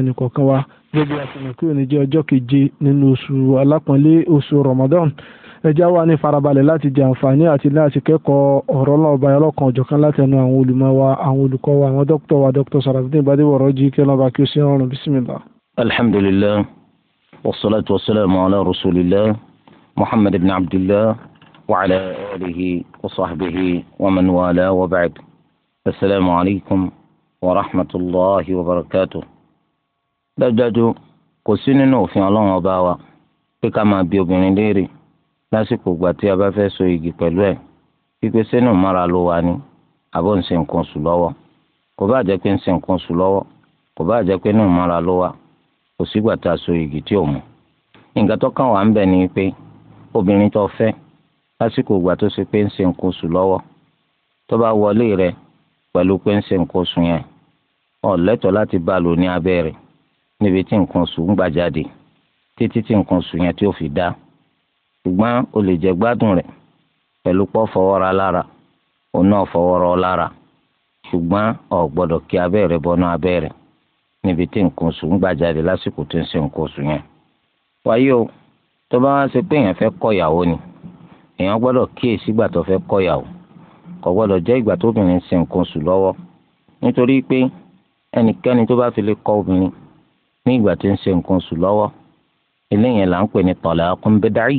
ẹnì kọ̀ọ̀kan wa gbogbo àfihàn kí òní jẹ́ ọjọ́ keje nínú oṣù alápọ̀nlé oṣù Ramadan ẹjá wa ní farabalẹ̀ láti jẹ àǹfààní àti láti kẹ́kọ̀ọ́ ọ̀rọ̀ náà ọba ẹlọ́kan ọ̀jọ̀kan látẹnu àwọn olùmọ̀ wa àwọn olùkọ́ wa àwọn dókítà wa dókítà Sarafudeen Badéwọ̀rọ̀ jí kí ọlọ́ba kí ó sí ọrùn bísímìlá. alhamdulillah wasalaatu wasalaamu alaykum wa rahmatulahi wa barakatuh dájúdájú kò sí nínú òfin ọlọ́run ọba wa pé ká máa bi obìnrin léèrè lásìkò ìgbà tí a bá fẹ́ so igi pẹ̀lú ẹ̀ pípé sínú mára ló wà ní àbọ̀ ń ṣe nǹkan oṣù lọ́wọ́ kò bá jẹ́ pé ń ṣe nǹkan oṣù lọ́wọ́ kò bá jẹ́ pé inú mára ló wà kò sígbà tá a so igi tí ò mú. nǹkan tó kàn wá ń bẹ̀ ni pé obìnrin tó fẹ́ lásìkò ìgbà tó ṣe pé ń ṣe nǹkan oṣù lọ́wọ́ tó bá wọlé rẹ̀ pẹ̀lú pé ń ṣe nǹkan oṣù yẹn ó lẹ́tọ̀ọ́ láti bá a lò ní abẹ́ rẹ̀ níbi tí nǹkan oṣù ń gbà jáde títí tí nǹkan oṣù yẹn tí ó fi dá ṣùgbọ́n o lè jẹ gbádùn rẹ̀ pẹ̀lú pọ́ fọwọ́ra lára òun náà fọwọ́rọ́ lára ṣùgbọ́n o gbọ́dọ̀ kí abẹ́rẹ́ bọ́nú abẹ́rẹ́ níbi tí nǹkan oṣù ń gbà lásìkò tó ń ṣe nǹkan oṣù yẹn. wáyé o tó bá wá ṣe pé èèyàn fẹ́ kọ̀yàwó ni èèyàn gbọ́dọ̀ kíyèsí ìgbà tó fẹ́ kọ̀yàwó kò gbọ́dọ̀ jẹ́ ìgbà tóbìnrin ṣe nǹkan oṣù lọ́wọ́ nítorí pé ẹnikẹ́ni tó bá fi lè kọ obìnrin ní ìgbà tí ń ṣe nǹkan oṣù lọ́wọ́ eléyìí là ń pè ní talaqun bid'i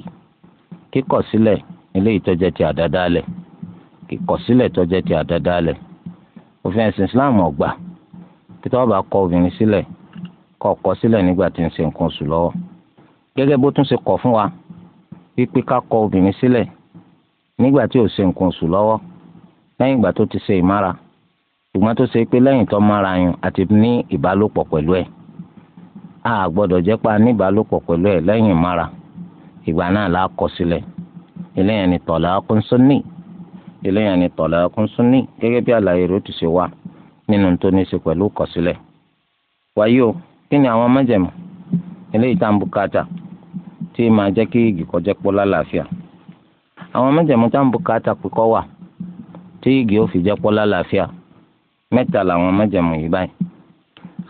kíkọ̀ sílẹ̀ eléyìí tó jẹ́ ti àdádálẹ̀ kíkọ̀ sílẹ̀ tó jẹ́ ti àdádálẹ̀ òfin ẹ̀sìn Islam ò gbà kí tó bá kọ obìnrin sílẹ̀ kó kọ sílẹ̀ nígbà tí ń ṣe nǹkan oṣù lọ́wọ́ gẹ́gẹ́ bó tún ṣe kọ̀ fún wa wípé ká kọ obìnrin sílẹ̀ nígbà tí ò ṣe nǹkan oṣù lọ́wọ́ lẹ́yìn ìgbà tó ti ṣe ìmára ṣùgbọ́n tó ṣe pé lẹ́yìn tó mára yun àti ní ìbálòpọ̀ pẹ̀lú ẹ̀ a gbọ́dọ̀ jẹ́ pa níbàálòpọ̀ pẹ̀lú ẹ̀ lẹ́yìn mara. ìgbà náà la kọ sílẹ̀ eléyàn ni talaqun sunni eléyàn ni talaqun sunni gẹ́gẹ́ bí àlàyé rẹ̀ ó ti ṣe wá nínú tó ní í ṣe pẹ̀lú kọ̀sílẹ̀ wáyé o kí ni àwọn májẹ̀mú eléyìí tá à ń bùkátà tí máa jẹ́ kí igi kọjá pọ̀ lálàáfíà àwọn májẹ̀mú tá à ń bùkátà pípọ̀ wà tí igi ó fi jẹ́ pọ̀ lálàáfíà mẹ́ta làwọn májẹ̀mú yìí báyìí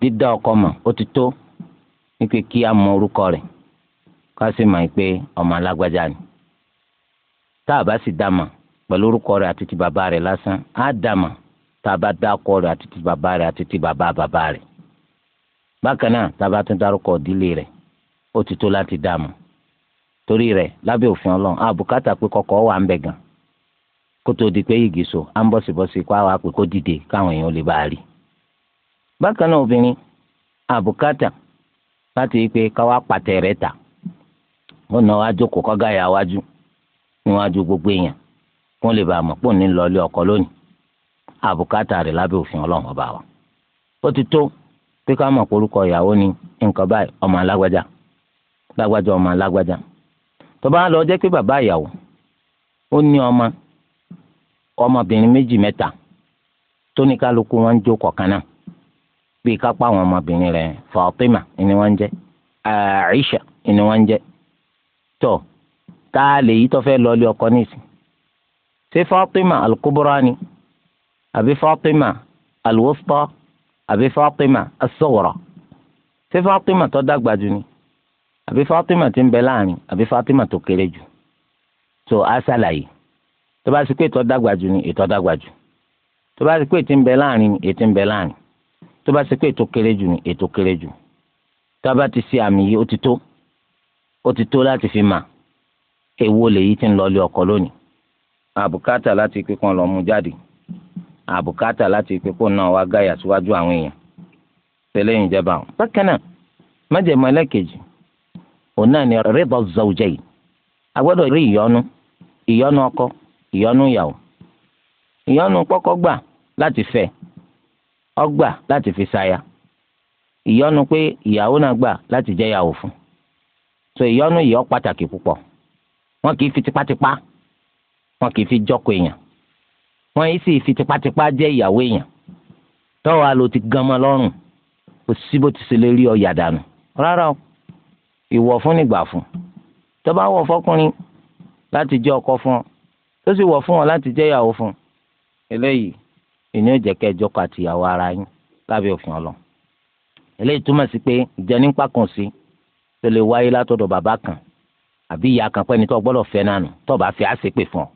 dídá ọkọ mọ̀ ó ti tó wípé kí a mọ orúkọ rẹ̀ ká sì mọ̀ pé ọmọ alágbájá ni tá a bá sì dá mọ̀ pẹ̀lú orúkọ rẹ̀ àti ti bàbá rẹ̀ lásán á dá mọ̀ tá a bá dá ọkọ rẹ̀ àti ti bàbá rẹ̀ àti ti bàbá bàbá rẹ̀ bákan náà tá a bá tún dárúkọ ìdílé rẹ̀ ó ti tó láti dá mọ̀ torí rẹ̀ lábẹ́ òfin Ọlọ́run àbùkátà pé kọ́kọ́ wà ń bẹ gan kó di pé yìgì so à ń bọ̀sibọ̀si kó àwọn àpè kó dìde káwọn èèyàn lè bá a rí i bákan náà obìnrin àbùkátà láti rí i pé káwá pàtẹ rẹ ta ó nà wá jókòó kọ́gá yà wájú níwájú gbogbo èèyàn kó lè bàa mọ̀ pò ní lọ́ọ́lé ọkọ lónìí àbùkátà rẹ̀ lábẹ́ òfin ọlọ́run ọba wa ó ti tó pé ká mọ̀ porúkọ ìyàwó ni nǹkan báyìí ọmọ alágbájá lágbájá ọmọ alágbájá tó bá lọ jẹ́ pé bàbá ìyàwó ó ní ọmọ ọmọbìnrin méjì mẹ́ta tó wọn ń jó kọ̀ọ̀kan náà bíi kápá àwọn ọmọbìnrin rẹ̀ Fatima ni wọ́n ń jẹ́ Aisha ni wọ́n ń jẹ́ tó tá a lè yí tó fẹ́ lọ́ọ́lì ọkọ nísìn ṣé Fatima al-Kubra ni àbí Fatima al-Wusta àbí Fatima as-Sughra ṣé Fatima tó dàgbà jù ni àbí Fatima ti ń bẹ láàrin àbí Fatima tó kéré jù tó a ṣàlàyé tó bá sì pé ètò dàgbà jù ni ètò dàgbà jù tó bá sì pé ètò ń bẹ láàrin ètò ń bẹ láàrin tó bá ṣe pé ètò kéré jù ni ètò kéré jù tá a bá ti ṣe àmì yìí ó ti tó ó ti tó láti fi mà èwo lèyí ti ń lọ lé ọkọ lónìí àbùkátà láti pé kó lọ mú jáde àbùkátà láti pé kó náà wá gáyà síwájú àwọn èèyàn tẹ́lẹ̀ yìí jẹba àwọn. bákan náà májèmọ́ ẹlẹ́kejì òun náà ni rẹ́bọ̀ zọ̀ọ̀jẹ̀ yìí a rí ìyọnu ìyọnu ọkọ ìyọnu ìyàwó ìyọnu pọ́kọ́ gbà láti fẹ́ ọgbà láti fi ṣaya ìyọnu pé ìyàwó náà gbà láti jẹ́ ìyàwó fún so ìyọnu yìí ó pàtàkì púpọ̀ wọn kì í fi tipátipá wọn kì í fi jọkọ èèyàn wọn yìí sì fi tipátipá jẹ́ ìyàwó èèyàn tọ́wọ́ àlò ti gan mọ́ lọ́rùn kò sí bó ti ṣe lè rí ọ̀yà dànù rárá o ìwọ̀ fún nígbà fún tó bá fọkùnrin láti jẹ́ ọkọ fún ọ tó sì wọ̀ fún ọ láti jẹ́ ìyàwó fún eléyìí ìyẹn jẹ́ kẹjọ kọ àtìyàwó ara yín lábẹ́ òfin ọlọ eléyìí túmọ̀ sí pé ìjẹnipa kan sí tó lè wáyé látọ̀dọ̀ bàbá kan àbí ìyá kan pẹ́ni tó gbọ́dọ̀ fẹ́ nánu tó bá fẹ́ àṣepè fún ọ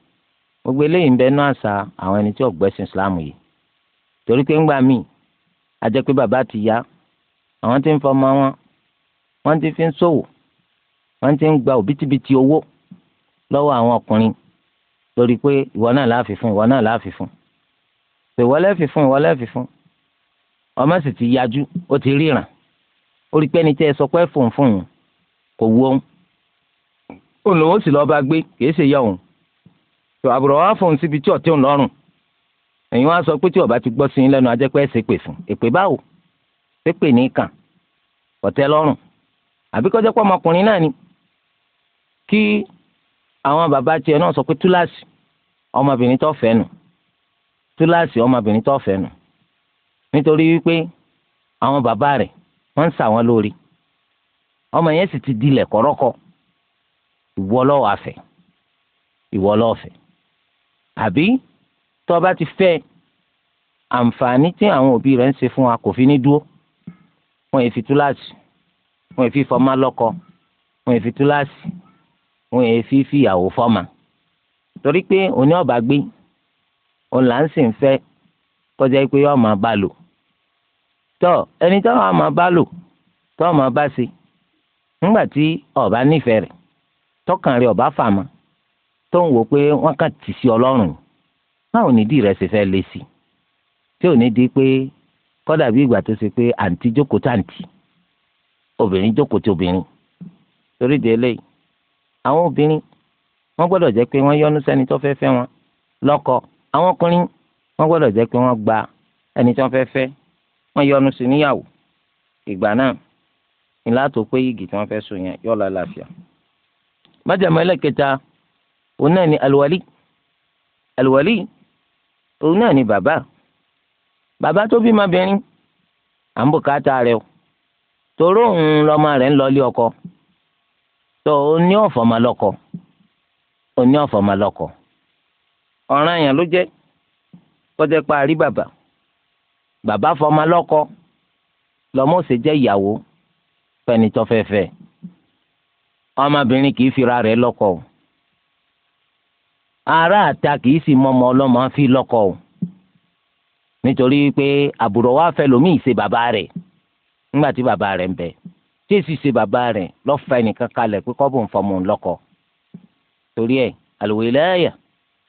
gbogbo eléyìí ń bẹ nú àṣà àwọn ẹni tí ò gbẹ́sìn Islam yìí torí pé ńgbà míì a jẹ́ pé bàbá ti ya àwọn tí ń fọmọ wọn wọ́n ti fi ń ṣòwò wọ́n ti ń gba òbítíbitì owó lọ́wọ́ àwọn ọkùnrin lórí pé ìwọ náà láàfin fún ìwọ náà láàfin fún pé wọlé fi fún wọlé fi fún ọmọ sì ti yájú ó ti ríran ó rí pé ẹni tí ẹ sọ pé fòun fún un kò wú òun òun lòun sì lọ́ọ́ bá gbé kìí ṣe yá òun tó àbúrò wá fòun síbi tí ọ̀tí òun lọ́rùn ẹ̀yin wá sọ pé tí ọba ti gbọ́ sí yín lẹ́nu ajẹ́ pé ẹ̀ pè fún èpè báwo ṣé pè ní kàn ọ̀tẹ́ lọ́rùn àbí kọjá pọ ọmọkùnrin náà ni kí àwọn bàbá tiẹ̀ náà sọ pé túláàsì ọmọbìnrin tó fẹ́ nù túláàsì ọmọbìnrin tó fẹ́ nù nítorí wípé àwọn bàbá rẹ̀ wọ́n ń sà wọ́n lórí ọmọ yẹn sì ti dilẹ̀ kọ́rọ́kọ́ ìwọ lọ́wọ́ àfẹ́ ìwọ lọ́ọ̀fẹ́ àbí tó bá ti fẹ́ àǹfààní tí àwọn òbí rẹ̀ ń ṣe fún wa kò fi ní dúró wọn èfi túláàsì wọn èfi fọmá lọ́kọ wọn èfi túláàsì wọn èfi fìyàwó fọ́mà torí pé òní ọ̀bà gbé òun là ń sì ń fẹ́ kọjá pé yóò máa bá lò tọ ẹni tó wàá máa bá lò tó wàá máa bá ṣe nígbà tí ọba nífẹ̀ẹ́ rẹ̀ tọkàn rẹ̀ ọba fàmà tó ń wò pé wọ́n kàn tì sí ọlọ́run báwo ni ìdí rẹ̀ ṣe fẹ́ lé sí tí ò ní di pé kọ́dà bí ìgbà tó ṣe pé àǹtí jókòó tàǹtí obìnrin jókòó tí obìnrin torí de eléyìí àwọn obìnrin wọ́n gbọ́dọ̀ jẹ́ pé wọ́n yọ́nú sẹ́ni tó fẹ́ fẹ́ wọn lọ́kọ àwọn ọkùnrin wọ́n gbọ́dọ̀ jẹ́ pé wọ́n gba ẹni tí wọ́n fẹ́ fẹ́ wọ́n yọnu sí níyàwó ìgbà náà ni látò pé yìgì tí wọ́n fẹ́ sùn yẹn yọ lọ láàfíà. májàmọ́ ẹlẹ́kẹta òun náà ni alùwálì alùwálì òun náà ni bàbá bàbá tó bí mabìnrin à ń bùkátà rẹ o toró òun lọ́mọ rẹ̀ ń lọ ilé ọkọ tó o ní ọ̀fọ̀ máa lọ́kọ o ní ọ̀fọ̀ máa lọ́kọ ọ̀ràn èèyàn ló jẹ́ kọjá pa àrí bàbá bàbá fọmọ lọ́kọ lọ́mọ òsè jẹ́ ìyàwó fẹ́ni tó fẹ́ fẹ́ ọmọbìnrin kì í fira rẹ̀ lọ́kọ o ará àta kì í sì mọmọ ọlọ́mọ fi lọ́kọ o nítorí pé àbúrò wa fẹ́ lomi ìṣe bàbá rẹ̀ nígbà tí bàbá rẹ̀ ń bẹ tí èsì bàbá rẹ̀ lọ́fẹ̀ẹ́ nìkan kalẹ̀ pé kọ́ fọmọ lọ́kọ torí ẹ̀ al-wilaya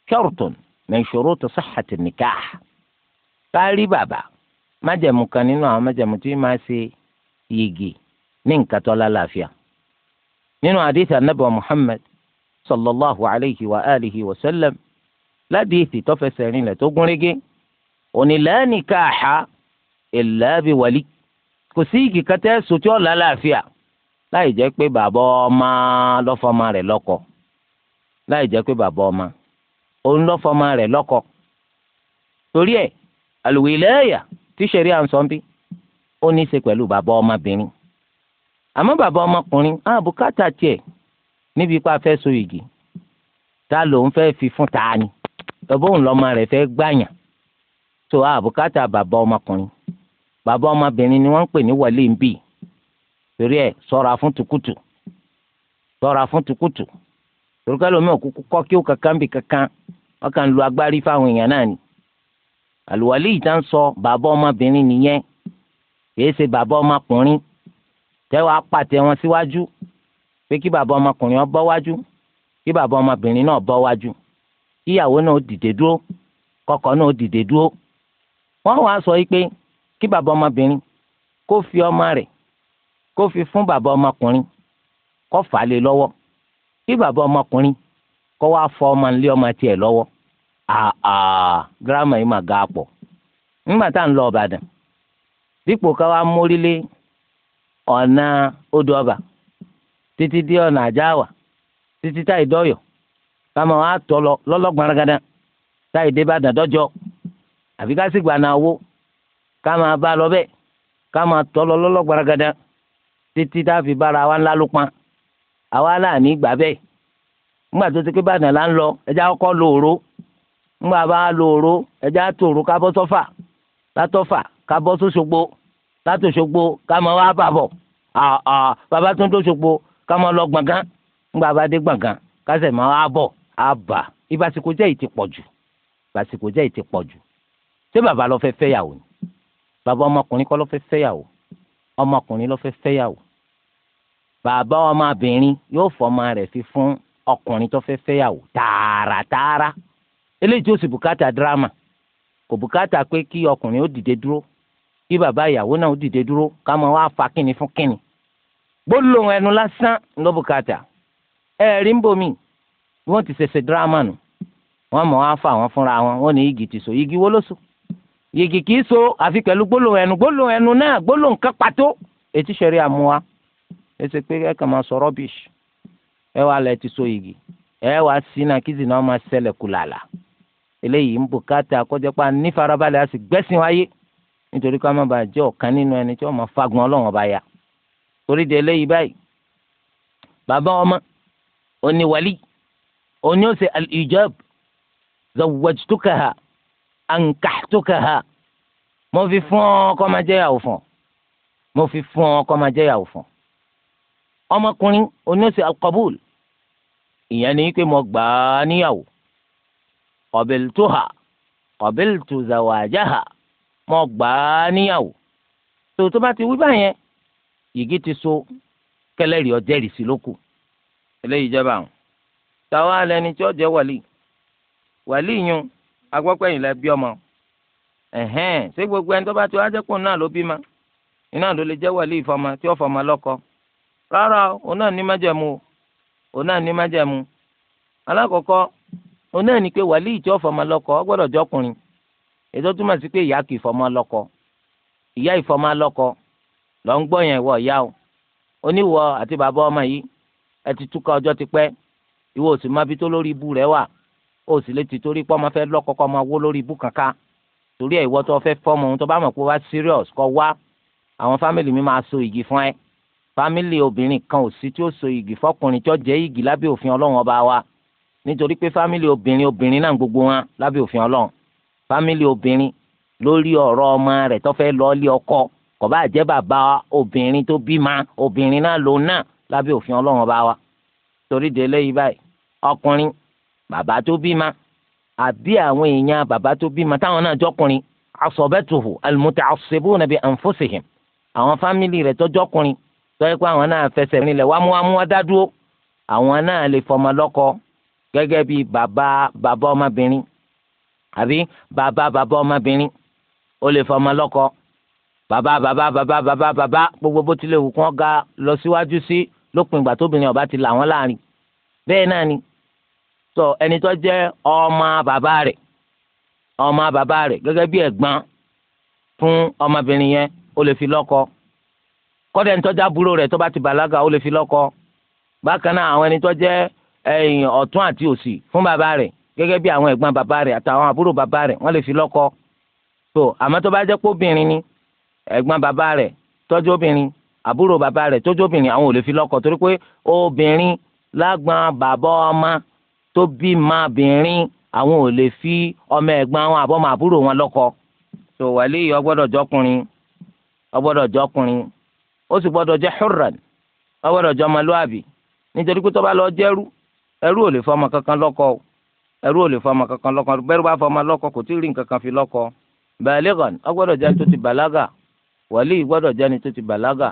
ṣọ́rùtùn min shurut sihhati nikah kárí bàbá májẹ̀mú kan nínú àwọn májẹ̀mú tí máa ṣe yìgì ní nǹkan tó lálàáfíà nínú àdìsí anábì muhammed sallallahu alayhi wa alihi wa sallam ládìsí tó fẹsẹ̀ rinlẹ̀ tó gúnrégé onílà nìkàáha illa bi wali kò sí yìgì kẹtẹ́ sotí ọ̀la láàfíà láì jẹ́ pé bàbá ọmọ lọ́fọ́mọ rẹ̀ lọ́kọ láì jẹ́ pé bàbá ọmọ òun lọ́fọmọ rẹ̀ lọ́kọ torí ẹ̀ àlùwìlẹ́yà tí sẹ̀rí à ń sọ bí ó ní í ṣe pẹ̀lú bàbá ọmọbìnrin àmọ́ bàbá ọmọkùnrin àbùkátà tiẹ̀ níbi ipá fẹ so igi ta lòun fẹ fi fún ta ni gbàyàn tó àbùkátà bàbá ọmọkùnrin bàbá ọmọbìnrin ni ń pè ní wọlé ń bì torí fún tukutu fún tukutu lómi òkú kọ́ kí ó kankan wọ́n kàn ń lu agbárí fáwọn èèyàn náà ni àlùwálé yìí tá ń sọ bàbá ọmọbìnrin nìyẹn kìí ṣe bàbá ọmọkùnrin tẹ́wọ́ apàtẹ wọn síwájú pé kí bàbá ọmọkùnrin ó bọ́ wájú kí bàbá ọmọbìnrin náà bọ́ wájú kíyàwó náà dìde dúró kọ́kọ́ náà dìde dúró wọ́n wá sọ pé kí bàbá ọmọbìnrin kó fi ọmọ rẹ̀ kó fi fún bàbá ọmọkùnrin kó fà á lé lọ́wọ́ kí bàbá ọmọkùnrin kọ́ wá fọ ọmọ nílé ọmọ tiẹ̀ lọ́wọ́ àà gírámà yìí mà ga pọ̀ nígbà tá à ń lọ Ìbàdàn dípò ká wá mórílé ọ̀nà odò ọba títí dé ọ̀nà àjáwà títí táì dọ́yọ̀ káma wá tọ́ lọ lọ́lọ́gbọ̀n rẹ́gàdà táì dé Ìbàdàn dọ́jọ́ àfi ká sì gbà náà wó káma bá lọ bẹ́ẹ̀ káma tọ́ lọ lọ́lọ́gbọ̀n títí táà fi bára wa ńlá ló pọn àwa náà ní gbà bẹ́ẹ̀ ńgbà tó ti pé Ìbàdàn là ń lọ ẹja kọ́kọ́ lo òró ńgbà bá lo òró ẹja tòró kábọ́ sọ́fà látọ́fà kábọ́ sóṣogbo látòṣogbo kámọ́ wá bàbọ̀ bàbá tó ń dóṣogbo kámọ́ lọ gbọ̀ngàn ńgbà bá dé gbọ̀ngàn kásẹ̀ mọ́ á bọ̀ á bà ìbásíkò jẹ́ ìti pọ̀ jù ìbásíkò jẹ́ ìti pọ̀ jù ṣé bàbá lọ fẹ́ fẹ́yàwó ni bàbá ọmọkùnrin kọ́ lọ fẹ́ fẹ́yàwó ọmọkùnrin lọ fẹ́ fẹ́yàwó bàbá ọmọbìnrin yóò fọmọ rẹ̀ fi fún ọkùnrin tó fẹ́ tara tààràtààrà eléyìí tí bukata sì bùkátà dírámà kò bùkátà pé kí ọkùnrin ó dìde dúró kí bàbá ìyàwó náà ó dìde dúró ká máa wá fa kíni fún kíni gbólóhùn ẹnu lásán ló bùkátà ẹ̀rí ń bomi wọ́n ti ṣẹ̀ṣẹ̀ dírámà nù wá fa fúnra igi ti so so igi kì í ẹnu gbólóhùn ẹnu náà gbólóhùn ṣẹ̀rí àmúwa ẹ sọ rọ́bìṣì ẹ wàá lẹ ti so igi ẹ wàá sínú akízi náà máa ṣẹlẹ̀ kùlàlà eléyìí ń bùkátà akọ́jọ́pá nífarabalẹ̀ a sì gbẹ́sìn wáyé nítorí ká má bàa jẹ́ ọ̀kan nínú ẹni tí wọ́n máa fagun ọlọ́wọ́n bá yá torí de eléyìí báyìí bàbá ọmọ òní wàlí òní ó ṣe al-ijab zawwajtukaha ankahtukaha mo fi fún ọ kó máa jẹ́ ìyàwó fún mo fi fún ọ kó máa jẹ́ ìyàwó fún ọmọkùnrin òní ó ìyẹn ni pé mo gbà á níyàwó qabiltuha qabiltu zawajaha mo gbà á níyàwó tó tó bá ti wí báyẹn yìgì ti so kẹlẹ́rìí ọjẹ́rìí sí lókù eléyìí jẹ́ báwọn wàlí wàlí yun lẹ bí ọmọ ẹ̀hẹ́n ṣé gbogbo ẹni tó bá ti ló bí ma Ona náà ní alakoko ona òun náà ní pé wàlí ìjọ fọmọ lọ́kọ ọ gbọ́dọ̀ jọkùnrin ètò túmọ̀ sí pé ìyá kì í fọmọ lọ́kọ ìyá ìfọmọ lọ́kọ lọ ń gbọ́ yẹn ìwọ ìyá o oníwọ àti bàbá ọmọ yìí ẹ ti túkọ̀ ọjọ́ ti pẹ́ ìwọ òsì máa bí tó lórí ibu rẹ wà ó sì lè ti torí pọ́nmọ́ fẹ́ lọ́kọ̀ọ́kọ́ máa wó lórí ibu kankan torí ẹ̀ ìwọ tó fẹ́ fọ́mọ ohun tó bá mọ̀ pé wá serious kọ́ wá àwọn fámìlì mi máa so ìgì fún ẹ fámìlì obìnrin kan ò sí tí ó so igi fọkùnrin tí ó jẹ́ igi lábẹ́ òfin ọlọ́run ọba wa nítorí pé fámìlì obìnrin obìnrin náà gbogbo wọn lábẹ́ òfin ọlọ́run fámìlì obìnrin lórí ọ̀rọ̀ ọmọ rẹ̀ tó fẹ́ lọ lé ọkọ kò bá jẹ́ bàbá obìnrin tó bímọ obìnrin náà lòun náà lábẹ́ òfin ọlọ́run ọba wa torí délé yìí báyìí ọkùnrin bàbá tó bímọ àbí àwọn èèyàn bàbá tó bímọ táwọn náà jọkùnrin asọ̀bẹ́tòhù almuta'assibuna bi anfusihim àwọn fámìlì rẹ̀ tọ́jọ́kùnrin sọ pé àwọn náà fẹsẹ̀ nílẹ̀ wámúwámú wọn dá dúró àwọn náà lè fọmọ lọ́kọ gẹ́gẹ́ bí bàbá bàbá ọmọbìnrin àbí bàbá bàbá ọmọbìnrin ó lè fọmọ lọ́kọ bàbá bàbá bàbá bàbá bàbá gbogbo bó tilẹ̀ wù kí wọ́n ga lọ síwájú sí lópin ìgbà tóbìnrin ọba ti là wọ́n láàrin bẹ́ẹ̀ náà ni sọ ẹni tó jẹ́ ọmọ bàbá rẹ̀ ọmọ bàbá rẹ̀ gẹ́gẹ́ bí ẹ̀gbọ́n fún ọmọbìnrin yẹn ó lè fi lọ́kọ kọ́dẹ̀ ń tọ́jà búrò rẹ̀ tó bá ti bàlágà ó lè fi lọ́kọ bákan náà àwọn ẹni tó jẹ́ ẹ̀yìn ọ̀tún àti òsì fún bàbá rẹ̀ gẹ́gẹ́ bí àwọn ẹ̀gbọ́n bàbá rẹ̀ àtàwọn àbúrò bàbá rẹ̀ wọ́n lè fi lọ́kọ tó àmọ́ tó bá jẹ́ pé obìnrin ni ẹ̀gbọ́n bàbá rẹ̀ tọ́jú obìnrin àbúrò bàbá rẹ̀ tọ́jú obìnrin àwọn ò lè fi lọ́kọ torí pé obìnrin lágbọ́n bàbá ọmọ tó bí mabìnrin àwọn ò lè fi ọmọ ẹ̀gbọ́n àwọn àbọ̀mọ àbúrò wọn lọ́kọ tó wàlẹ́ ọgbọ́dọ̀ jọkùnrin ọgbọ́dọ̀ jọkùnrin ó sì gbọ́dọ̀ jẹ́ hurran ó gbọ́dọ̀ jẹ́ ọmọlúàbí nítorí pé tó bá lọ jẹ́rú ẹrú ò lè fọmọ kankan lọ́kọ ẹrú ò lè fọmọ kankan lọ́kọ bẹ́rù bá fọmọ lọ́kọ kò tí ì rí nǹkan kan fi lọ́kọ balighan ó gbọ́dọ̀ jẹ́ tó ti bàlágà wàlí gbọ́dọ̀ jẹ́ ni tó ti bàlágà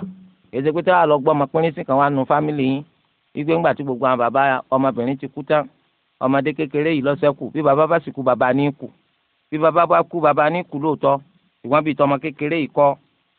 èsì pé tá a lọ gbọ́mọ pínrín sí kan wá nu fámìlì yín igbe ńgbà tí gbogbo àwọn bàbá ọmọbìnrin ti kú tán ọmọdé kékeré yìí ló ṣẹ́kù bí bàbá bá sì kú bàbá ní kú bí bàbá bá kú bàbá ní kú lóòótọ́ ìwọ́n bíi tọmọ kékeré yìí kọ́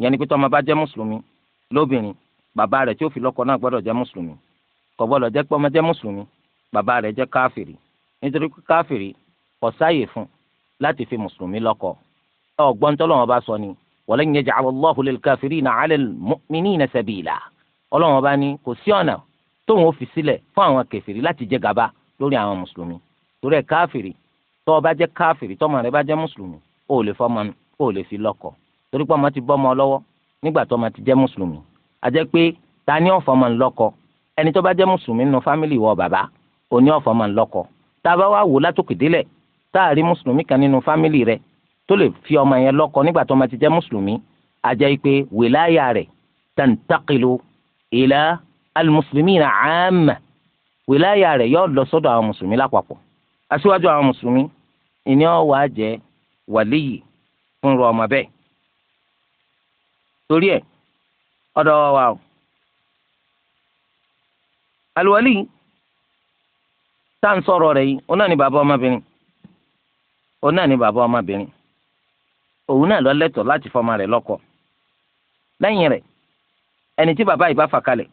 ìyẹn ni pé tọ́mọ bá jẹ́ mùsùlùmí lóbìnrin bàbá rẹ̀ tí ó fi lọ́kọ náà gbọ́dọ̀ jẹ́ mùsùlùmí kò gbọ́dọ̀ jẹ́ pé ọmọ jẹ́ mùsùlùmí bàbá rẹ̀ jẹ́ káfìrí nítorí pé káfìrí kò sáàyè fún láti fi mùsùlùmí lọ́kọ. ọgbọ́n tọ́lọ́wọ́n bá sọ ni walan yaj'ala Allahu lil-kafirina 'ala al-mu'minina sabila ọlọ́wọ́n bá ní kò sí ọ̀nà tóun ó fi bá jẹ́ káfìrí tọ́mọ rẹ bá torí pé ọmọ ti bọ́ ọmọ lọ́wọ́ nígbà tó ọmọ ti jẹ́ mùsùlùmí a jẹ́ pé ta ni ọ̀fọ̀ ọmọ ńlọ́kọ ẹni tó bá jẹ́ mùsùlùmí nínú fámìlì ìwọ bàbá òní ọ̀fọ̀ ọmọ ńlọ́kọ tá a bá wá wò látòkè délẹ̀ tá a rí mùsùlùmí kan nínú fámìlì rẹ tó lè fi ọmọ yẹn lọ́kọ nígbà tó ọmọ ti jẹ́ mùsùlùmí a pé wìláyà rẹ̀ tàǹtàkìlù ìlà alùmùsùlùmí nà àmà wìláyà wàlíyì fúnra ọmọ bẹ́ẹ̀ torí ẹ ọ̀dọ̀ wa o àlùwálì tá à ń yìí òun náà ni bàbá ọmọbìnrin òun náà ni bàbá ọmọbìnrin òun náà ló lẹ́tọ̀ọ́ láti fọmọ rẹ̀ lọ́kọ lẹ́yìn rẹ ẹni tí bàbá yìí bá fà kalẹ̀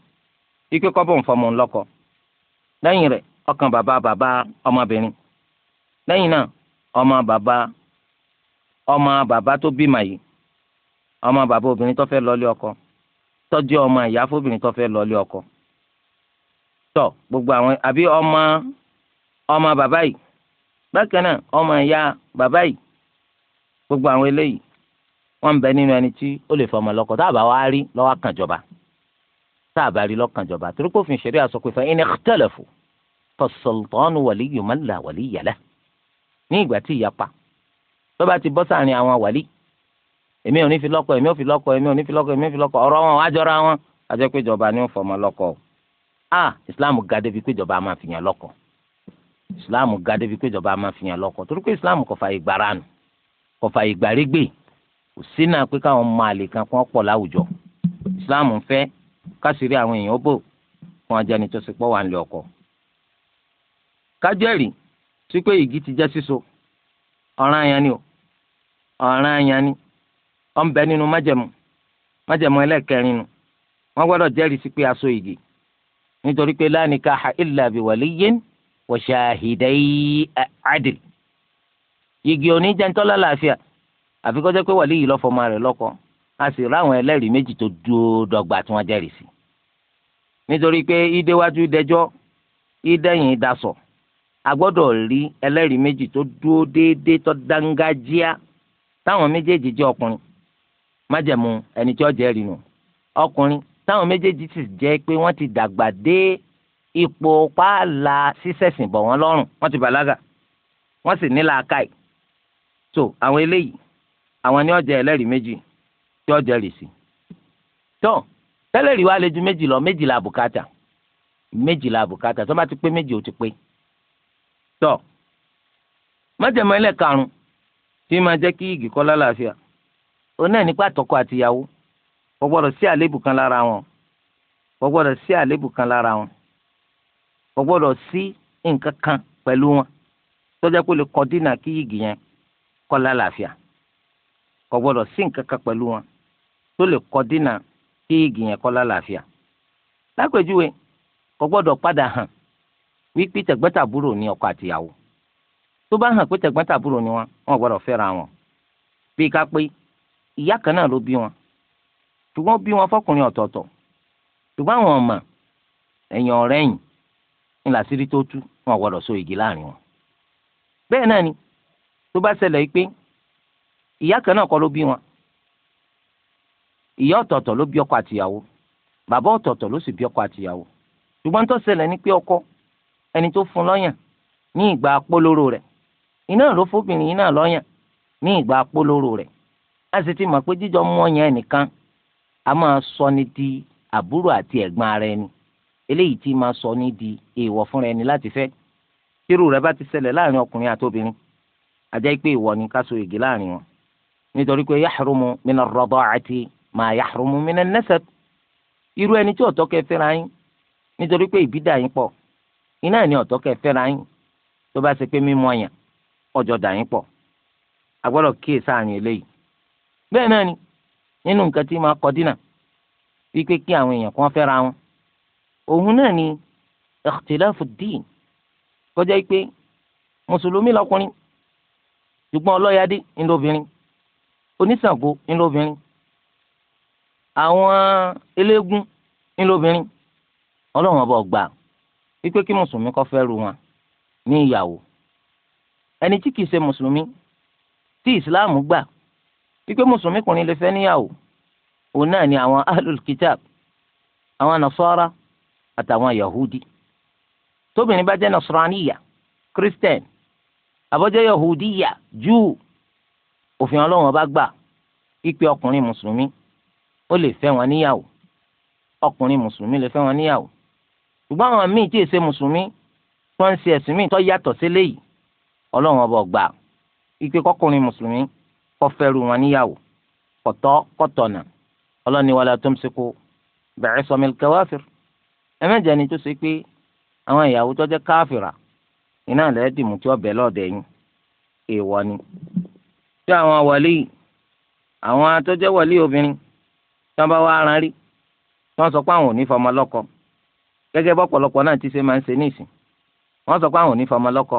ikú kọ́bọ̀ ọmọ bàbá obìnrin tó fẹ́ lọ́lé ọkọ tọ́jú ọmọ ìyá fóbìnrin tó fẹ́ lọ́lé ọkọ tọ gbogbo àwọn àbí ọmọ ọmọ bàbá yìí bákan náà ọmọ ìyá bàbá yìí gbogbo àwọn eléyìí wọ́n ń bẹ nínú ẹni tí ó lè fọmọ lọ́kọ tá a bá wá rí lọ́wọ́ kànjọba tá a bá rí lọ́kànjọba torí kò fi ṣeré àsọpẹ́ fún ẹni tẹlẹfù fọsọlùtọ́nù wàlí yìí ní ìgbà tí ìyapa tó bá ti bọ́ sáàrin àwọn wàlí èmi ò ní fi lọ́kọ èmi ò fi lọ́kọ èmi ò ní fi lọ́kọ èmi ò fi lọ́kọ ọ̀rọ̀ wọn wá jọra wọn àjọ pé ìjọba ni ó fọmọ lọ́kọ o ah islam ga débi pé ìjọba máa fi yàn lọ́kọ islam ga débi pé ìjọba máa fi yàn lọ́kọ torí pé islam kò fààyè gbà ránù kò fààyè gbà rígbè kò sí náà pé káwọn máa lè kan kó pọ̀ láwùjọ islam ń fẹ́ káṣírí àwọn èèyàn bò fún ajẹni tó ti pọ̀ wà nílé ọkọ kájẹ́rì sí o ọ̀ràn ayan ọ̀n bẹ nínú májẹ̀mú májẹ̀mú ẹlẹ́kẹrin nu wọ́n gbọ́dọ̀ jẹ́rìí sí pé aṣọ igi nítorí pé la nikaha illa bi waliyyin wa shahidai adl igi òní jẹ́ntọ́lá làáfíà àfi kó pé wàlí yìí lọ́fọ̀ọ́ máa rẹ̀ lọ́kọ a sì ráwọn ẹlẹ́rìí méjì tó dúró dọ́gba tí wọ́n jẹ́rìí sí nítorí pé ìdéwájú dẹjọ́ ìdẹ́yìn dasọ̀ a gbọ́dọ̀ rí ẹlẹ́rìí méjì tó dúró déédéé tó dángájíá táwọn méjèèjì jẹ́ ọkùnrin májẹ̀mú ẹni tí ó jẹ́ rinu ọkùnrin táwọn méjèèjì sì jẹ́ pé wọ́n ti dàgbà dé ipò pààlà sísẹ̀sìn bọ̀ wọ́n lọ́rùn wọ́n ti bàlágà wọ́n sì ní làákàyè tó àwọn eléyìí àwọn ni ó jẹ́ ẹlẹ́rìí méjì tí ó jẹ́ rìsì tó tẹ́lẹ̀rìí wa lè ju méjì lọ méjì la bùkátà méjì la bùkátà tó bá ti pé méjì ó ti pé tó májẹ̀mú ẹlẹ́karùn-ún tí máa jẹ́ kí igi kọ́ lálàáfíà òun náà nípa àtọkọ àtìyàwó kò gbọ́dọ̀ sí àlébù kan lára wọn kò gbọ́dọ̀ sí àlébù kan lára wọn kò gbọ́dọ̀ sí nǹkan kan pẹ̀lú wọn tọjá pé lè kọ dínà kí yìgì yẹn kọ lálàáfíà kò gbọ́dọ̀ sí nǹkan kan pẹ̀lú wọn tó lè kọ dínà kí yìgì yẹn kọ lálàáfíà lápèjúwe kò gbọ́dọ̀ padà hàn wípé tẹ̀gbẹ́tàbúrò ni ọkọ àtìyàwó tó bá hàn pé tẹ̀gbẹ́tàbúrò ni wọn wọn gbọ́dọ̀ fẹ́ra wọn bí ká pé ìyá kan náà ló bí wọn ṣùgbọ́n ó bí wọn fọkùnrin ọ̀tọ̀ọ̀tọ̀ ṣùgbọ́n àwọn ọmọ ẹ̀yìn ọ̀rẹ́ yìí ń làṣírí tó tú wọn gbọdọ̀ so igi láàrin wọn. bẹ́ẹ̀ náà ni tó bá ṣẹlẹ̀ pé ìyá kan náà kọ́ ló bí wọn ìyá ọ̀tọ̀ọ̀tọ̀ ló bí ọkọ àtìyàwó bàbá ọ̀tọ̀ọ̀tọ̀ ló sì bí ọkọ àtìyàwó ṣùgbọ́n tó ṣẹlẹ̀ ni pé ọkọ ẹni tó fún lọ́yàn ní ìgbà polówó rẹ̀ iná ló fóbìnrin iná lọ́yàn ní ìgbà polówó rẹ̀ a sì ti mọ̀ pé jíjọ mọ̀ọ́yàn ẹnìkan a máa sọ ni di àbúrò àti ẹ̀gbọ́n ara ẹni eléyìí tí máa sọ ni di èèwọ̀ fúnra ẹni láti fẹ́ irú rẹ̀ bá ti ṣẹlẹ̀ láàrin ọkùnrin àti obìnrin a pé ìwọ ni ká so ègè láàrin wọn nítorí pé yahrumu mina rada'ati ma yahrumu mina nasab irú ẹni tí ọ̀tọ́ kẹ́ fẹ́ra yín nítorí pé ìbídà yín pọ̀ iná ni ọ̀tọ́ kẹ́ fẹ́ra yín tó bá ṣe pé mímọ̀ yàn ọjọ́ dà yín pọ̀ a kíyèsáàrin eléyìí bẹ́ẹ̀ náà ni nínú nǹkan tí máa kọ dínà wípé kí àwọn èèyàn kan fẹ́ra wọn òun náà ni ikhtilafu ddin kọjá pé mùsùlùmí lọkùnrin ṣùgbọ́n ọlọ́yàdé ń lóbìnrin oníṣàngó ń lóbìnrin àwọn eléégún ń lóbìnrin ọlọ́run ọba ọgbà wípé kí mùsùlùmí kọ́ fẹ́ ru wọn ní ìyàwó ẹni tí kìí ṣe mùsùlùmí tí ìsìláàmù gbà wípé mùsùlùmí kùnrin lè fẹ́ níyàwó òun náà ni àwọn ahlul kitab àwọn nasara àtàwọn yahudi tóbìnrin bá jẹ́ nasraniya christian àbọ̀jẹ́ yahudiya júù òfin ọlọ́run ọba gbà wípé ọkùnrin mùsùlùmí ó lè fẹ́ wọn níyàwó ọkùnrin mùsùlùmí lè fẹ́ wọn níyàwó ṣùgbọ́n àwọn míì tí èsè mùsùlùmí tó ń ṣe ẹ̀sìn míì tó yàtọ̀ sí léyìí ọlọ́run ọba ọgbà wípé kọkùnrin mùsùlùmí kọfẹ́rù wọn níyàwó kọ̀tọ́ kọ̀tọ̀nà ọlọ́ni wàlá tumsiku bi'isamil kawafir ẹ̀mẹ́jẹ̀ ni tó ṣe pé àwọn ìyàwó tó jẹ́ káfìrà iná lẹ́ẹ̀dìmú tí ọbẹ̀ lọ́ọ̀dẹ̀ yín èèwọ̀ ni. tí àwọn wàlí àwọn tó jẹ́ wàlí obìnrin tí wọ́n bá wá aran rí tí wọ́n sọ pé àwọn ò ní fọmọ lọ́kọ gẹ́gẹ́ bọ́pọ̀lọpọ̀ náà ti ṣe máa ń ṣe níìsín wọ́n sọ pé àwọn ò ní fọmọ lọ́kọ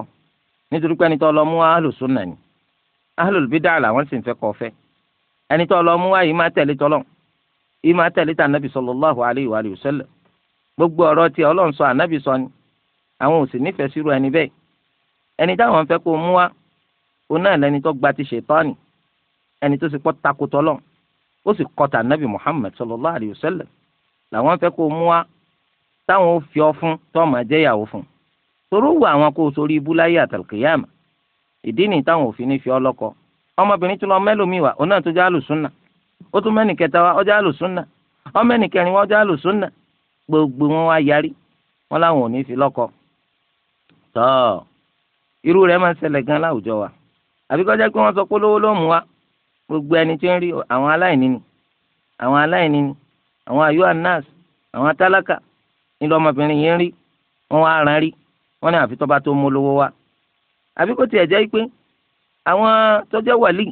nítorí pé ẹni tó lọ mú àlùsùn náà ahlul bid'a làwọn sì ń fẹ́ kọ́ fẹ́ ẹni tó lọ́ọ́ mú wá yìí máa tẹ̀lé tọ́lọ́ yìí máa tẹ̀lé tà nàbì sallallahu alayhi wa sallam gbogbo ọ̀rọ̀ tí ọlọ́run sọ ànábì sọ ni àwọn ò sì nífẹ̀ẹ́ sírú ẹni bẹ́ẹ̀ ẹni táwọn ń fẹ́ kó mú wá òun náà lẹni tó gba ti ṣètánì ẹni tó sì pọ́ takò tọ́lọ́ ó sì kọta ànábì Muhammad sallallahu alayhi wa sallam làwọn fẹ́ kó mú wá táwọn ó fi ọ fún tọ́ọ̀mù ìdí nìyí táwọn òfin ní fi ọ lọ́kọ ọmọbìnrin tún lọ mẹ́lòmíì wá òun náà tó jẹ́ àlùsùnà ó tún mẹ́nì kẹta wá ọjà àlùsùnà ọmọ kẹrin wá ọjà àlùsùnà gbogbo wọn wá yarí wọn láwọn ò ní fi lọ́kọ tọ́ irú rẹ̀ máa ń ṣẹlẹ̀ gan láwùjọ wa àbíkọ́jà pé wọ́n sọ pé lówó ló mú wa gbogbo ẹni tí ń rí àwọn aláìní ni àwọn aláìní ni àwọn ayọ anas àwọn tálákà ńlọ ọmọbìnrin yẹn rí wọn wá rán rí wọn ní àfitọ́ba tó mú lówó wa àbí kó tiẹ̀ jẹ́ pé àwọn tọ́jọ́ wàlíì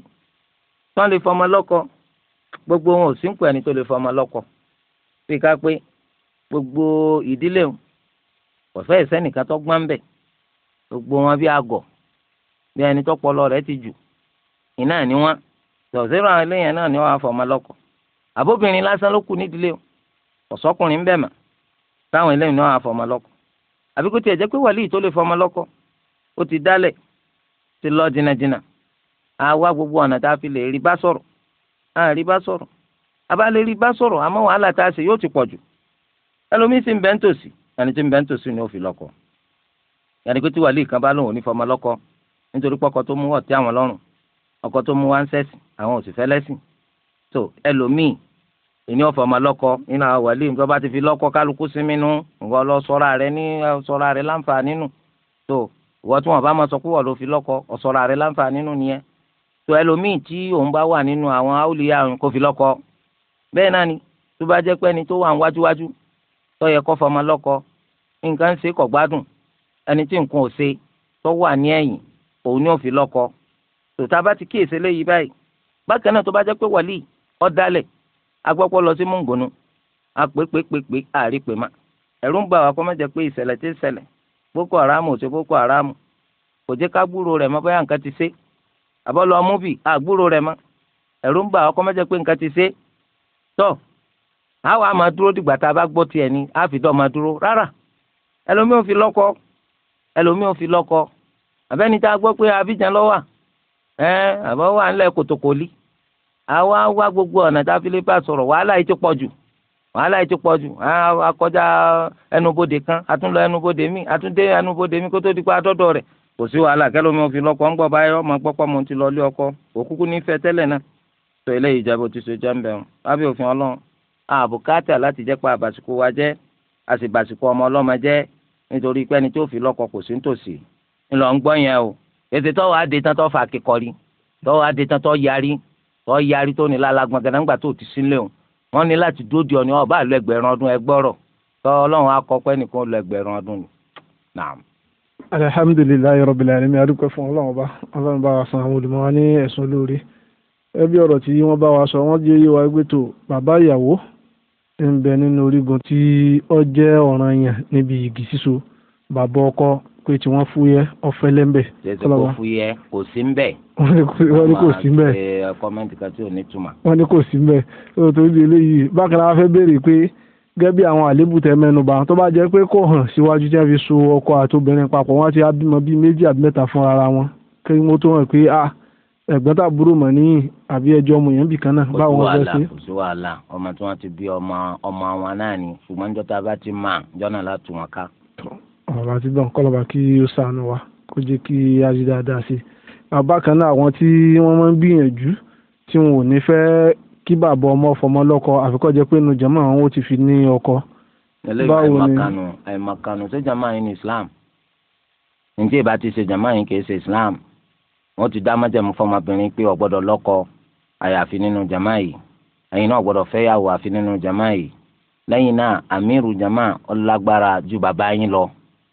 tán lè fọmọ lọ́kọ gbogbo wọn ò sínkù ẹni tó lè fọmọ lọ́kọ fi ká pé gbogbo ìdílé wọn kò fẹ́ ìsẹ́nìkan tó gbọ́n bẹ̀ gbogbo wọn bí àgọ̀ bí ẹni tó pọlọ rẹ̀ ti jù iná ni wọn tọ̀síìrò àwọn eléyàn náà ni wọn fọmọ lọ́kọ àbóbìnrin lásán ló kù nídìílé o ọ̀sọ́kùnrin bẹ̀ mà táwọn eléyàn náà fọmọ lọ́kọ àbí tiẹ̀ jẹ́ pé wàlíì tó lè fọmọ lọ́kọ ó ti dálẹ̀ ti lọ jìnnàjìnnà awa gbogbo ọ̀nà tá a fi lè rí bá sọ̀rọ̀ a rí bá sọ̀rọ̀ a bá lè rí bá sọ̀rọ̀ àmọ́ wàhálà tá a ṣe ti pọ̀ jù ẹlòmíín sì ń bẹ́ ń tòsí ẹni tí ń bẹ́ ń tòsí ni ó fi lọ́kọ yàrá pé tí wàlíì kan bá lóun ò ní fọmọ lọ́kọ nítorí pọ́kọ tó mú ọ̀tí àwọn lọ́rùn ọkọ tó mú wáńsẹ́sì àwọn ò sì fẹ́ lẹ́sìn tó ẹlòmíín ìwọ tí wọn bá máa sọ pé wọn ló fi lọ́kọ ọsọra rẹ láǹfààní nínú nìyẹn tó ẹlòmíì tí òun bá wà nínú àwọn áwùlíyà òun kò fi lọ́kọ bẹ́ẹ̀ náà ni tó bá jẹ́ pé ẹni tó wà ń wájúwájú tó yẹ kó fọmọ lọ́kọ nǹkan ń ṣe kò gbádùn ẹni tí nǹkan ò ṣe tó wà ní ẹ̀yìn òun ni ò fi lọ́kọ tòtá bá ti kíyèsí léyìí báyìí bákan náà tó bá jẹ́ pé wàlíì ó dálẹ̀ agbọ́pọ̀ lọ sí mọ́ngònú apèpèpèpè àrípèmá ẹ̀rù ń bà wá kó má jẹ́ pé ìṣẹ̀lẹ̀ tí ń boko haram ò ṣe boko haram kò jẹ́ ká gbúrò rẹ̀ mọ́ bóyá nǹkan ti ṣe àbọ̀ lọ mú bì rẹ̀ mọ́ ẹ̀rú ń ọkọ mẹ́jẹ pé nǹkan ti ṣe tọ́ àwa máa dúró dìgbà tá a bá gbọ́ tiẹ̀ ni á fi dọ́ máa dúró rárá wà gbogbo ọ̀nà tá a fi wàhálà yìí ti pọ̀ jù akọjá ẹnubodè kan àtúnlọ ẹnubodè mi àtúndé ẹnubodè mi kó tó di pa àtọ́dọ̀ rẹ̀ kò sí wàhálà kẹlómi ò fi lọkọ ń gbọ báyọ ọmọ gbọpọ mo ti lọ lé ọkọ òkúkú ní fẹ́ tẹ́lẹ̀ náà tó eléyìí ìjábọ̀ ti so jẹun bẹ̀rù lábẹ́ òfin Ọlọ́run àbùkátà láti jẹ́ pé àbàsìkò wa jẹ́ àsìbàsìkò ọmọ ọlọ́mọ jẹ́ nítorí pé ẹni tó fi lọ́kọ kò sí nítòsí ńlọ ń gbọ́ yẹn o ètò adé tán tó fà kíkọrí tọ́wọ́ adé tán tó yarí tó yarí tó ní lálágbọ̀n gàdáńgbà tó ti sílẹ̀ o wọ́n ní láti dúró di ọ̀nì ọba àlọ́ ẹgbẹ̀rún ọdún ẹgbọ́rọ̀ tọ́ ọlọ́run akọ́pẹ́ nìkan lọ ẹgbẹ̀rún ọdún ni. alihamdulilayi rabbil alamin adúpẹ́ fún ọlọ́run ọba ọlọ́run bá wa san àwọn olùmọ̀ wa ní ẹ̀sùn olóore ẹbí ọ̀rọ̀ tí wọ́n bá wa sọ wọ́n jẹ́ yé gbé tó bàbá ìyàwó ń bẹ nínú orígun tí ó jẹ́ ọ̀ranyàn níbi ìgì síso bàbá ọkọ pé tí wọ́n fúyẹ́ ọ̀fẹ́ lẹ́ńbẹ̀. jẹ́sẹ̀ kó fúyẹ́ kò sí ńbẹ̀. wọ́n ní kò sí ńbẹ̀. kọ́mẹ́ntì kan tí ò ní túmọ̀. wọ́n ní kò sí ńbẹ̀ torí di eléyìí bákan náà wọ́n fẹ́ béèrè pé gẹ́gẹ́ bí àwọn àlébù tẹ mẹ́nuba tó bá jẹ́ pé kò hàn síwájú tí wọ́n fi so ọkọ àti obìnrin papọ̀ wọ́n ti á bímọ bíi méjì àbí mẹ́ta fún ara wọn kí wọ́n tó hàn pé ah ẹ̀gbọ́n tàbúrò mọ̀ ní àbí ẹjọ́ mọ̀ yẹn bì kan báwo wọ́n fẹ́ ṣe. kò sí wàhálà ọmọ tí wọ́n ti bí ọmọ ọmọ wọn náà ni ṣùgbọ́n níjọ́ bá ti máa níjọ́ náà wọn ká ọ̀rọ̀ àti gbọ̀n kọ́lọ́ba kí ó sànù wa kó jẹ́ kí a rí dáadáa sí i bákan náà àwọn tí wọ́n máa ń gbìyànjú tí wọn ò ní fẹ́ kí bàbá ọmọ fọmọ lọ́kọ àfikọ́ jẹ́ pé inú jẹ́mọ́ àwọn ó ti fi ní ọkọ. báwo ni àìmọ̀kànù ṣé jama yín ní Islam ǹjẹ́ ìbá ti ṣe jama yín kì í ṣe Islam wọ́n ti dá májẹ̀mú fọmọbìnrin pé ó gbọ́dọ̀ lọ́kọ àyàfi nínú jama yìí ẹ̀yin náà gbọ́dọ̀ fẹ́yàwó àfi nínú jama yìí lẹ́yìn náà àmírù jama ó ju bàbá yín lọ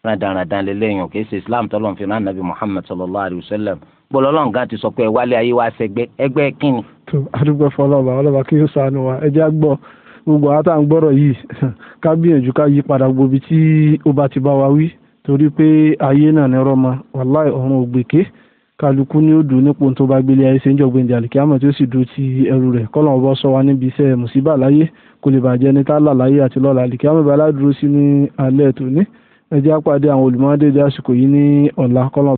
rádaràdà lélẹ́yìn òkè ṣe islam tọ́lọ́n fi rán nàbí muhammed sallallahu alayhi wa sallam gbọ́lọ́lọ́n gan ti sọ pé wálé ayé wa ṣẹgbẹ́ ẹgbẹ́ kínni. tó adúgbò fọlọ́ba ọlọ́ba kí ó sànù wa ẹjẹ́ àgbọ̀ gbogbo àwọn tá à ń gbọ́rọ̀ yìí ká gbìyànjú ká yí padà gbòbi tí ó bá ti bá wa wí torí pé ayé náà ní rọ́mọ wàláì ọ̀run ògbèké kálukú ní ó dùn nípò tó bá gbélé ayé ṣe ń jọgbìn ìdí àlìkíyàmọ̀ tí ó sì dùn ti ẹrù rẹ̀ kọ́lọ̀ ọbọ̀ sọ wa níbi iṣẹ́ mùsíbà láyé kò lè bàjẹ́ ní tá láyé àti lọ́la àlìkíyàmọ̀ bá sí ní alẹ́ tòní ẹ jẹ́ á pàdé àwọn olùmọ̀ọ́dé dásìkò yìí ní ọ̀la kọ́lọ́